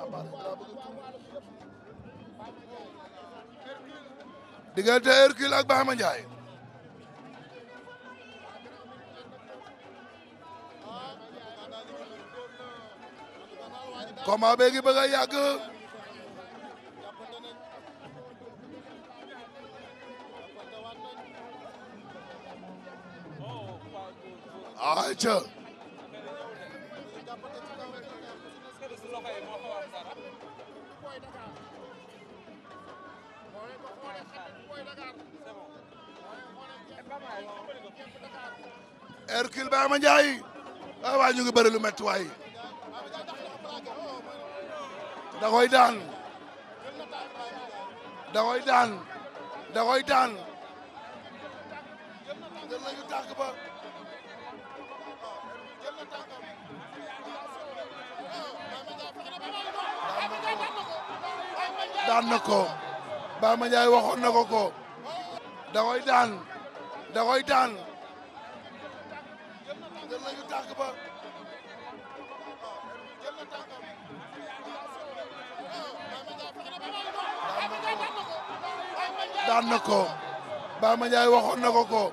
Tamba Hercule ak bahama Ndiaye koma bee bëgg a yàgg ay xamee du booy Dakar boo leen ñu ngi bëri lu métti waay daan da daan da daan daan na ko Baye Mandiaye waxoon na ko ko da koy ba daan na ko na ko ko